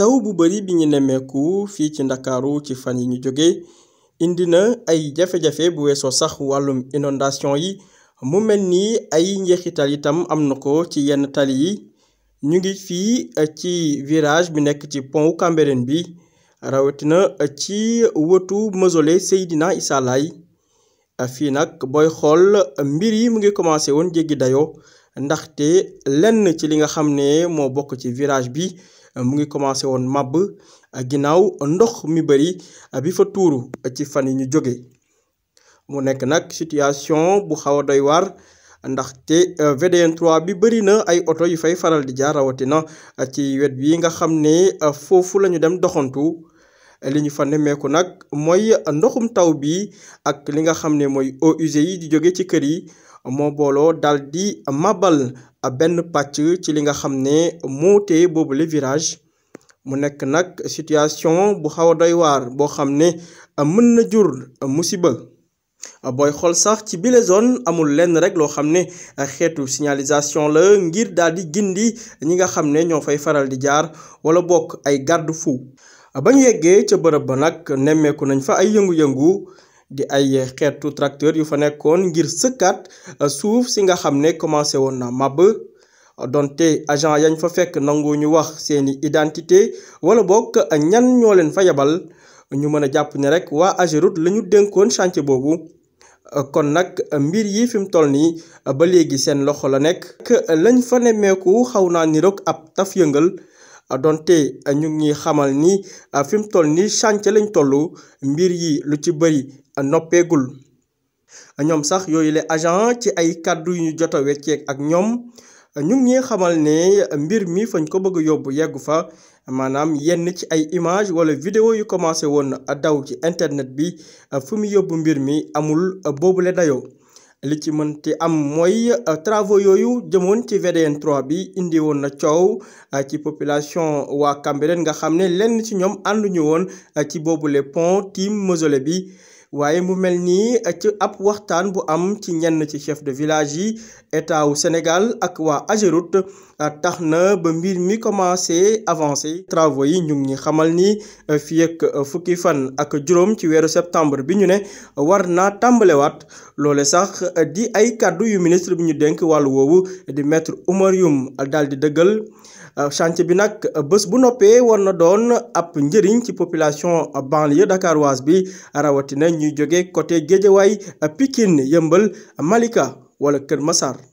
taw bu bari bi ñu nemmeeku fii ci ndakaaru ci fan yi ñu jóge indi na ay jafe-jafe bu weesoo sax wàllum inondation yi mu mel ni ay njeexital itam am na ko ci yenn tali yi ñu ngi fii eh, ci virage bi nekk ci pont Cambérène bi rawatina eh, ci wëtu mausolée Seydina Issa Laye eh, fii nag booy xool mbir yi mu ngi commencé woon jéggi dayoo ndaxte lenn ci li nga xam ne moo bokk ci virage bi mu ngi commencé woon màbb ginnaaw ndox mi bëri bi fa tuuru ci fan yi ñu jóge mu nekk nag situation bu xaw a doy waar ndaxte VDN 3 bi bëri na ay oto yu fay faral di jaar rawatina ci wet bi nga xam ne foofu la ñu dem doxantu. li ñu fa nemmeeku nag mooy ndoxum taw bi ak li nga xam ne mooy eaux yi di jóge ci kër yi moo booloo dal di mabal benn pàcc ci li nga xam ne moo boobu le mu nekk nag situation bu xaw a doy waar boo xam ne mën na jur musiba booy xool sax ci bile zone amul lenn rek loo xam ne xeetu signalisation la ngir daal di gindi ñi nga xam ne ñoo fay faral di jaar wala bokk ay garde-fou bañ yeggee ca bërëb ba nag nemmeeku nañ fa ay yëngu-yëngu di ay xeetu tracteur yu fa nekkoon ngir sëkkaat euh, suuf si nga xam ne commencé woon na màbb donte agent yañ fa fekk nangu ñu wax seeni identité wala bokk ñan ñoo leen fa yebal ñu mën a jàpp ne rek waa Ageroute la ñu dénkoon chantier boobu euh, kon nag mbir yi fi mu toll nii euh, ba léegi seen loxo la nekk lañ fa nemmeeku xaw naa ni ab taf yëngal donte ñu ngi xamal ni fi mu toll nii chantier lañ toll mbir yi lu ci bëri noppeegul ñoom sax yooyu la agent ci ay kàddu yu ñu jot a wecceeg ak ñoom ñu ngi xamal ne mbir mi fañ ko bëgg a yóbbu yeggu fa maanaam yenn ci ay image wala vidéo yu commencé woon a daw ci internet bi fu mu yóbbu mbir mi amul boobu boobule dayoo. li ci mën ci am mooy euh, travaux yooyu jëmoon ci VDN 3 bi indi woon na coow euh, ci population waa Cambérène nga xam ne lenn ci ñoom ànduñu woon euh, ci boobule pont tiim mausolée bi waaye mu mel nii ci ab waxtaan bu am ci ñenn ci chef de village yi état wu Sénégal ak waa Ageroute tax na ba mbir mi commencé avancé travaux yi ñu ngi xamal ni fii fukki fan ak juróom ci weeru septembre bi ñu ne war naa tàmbalewaat loole sax di ay kàddu yu ministre bi ñu dénk wàllu woowu di maître Oumar Youm daal di dëggal Euh, chantier bi nag euh, bés bu noppee war na doon ab njëriñ ci population euh, banlieue dakaroise bi rawatina ñuy jóge côté Guédiawaye Pikine Yëmbal Malika wala Kër Massar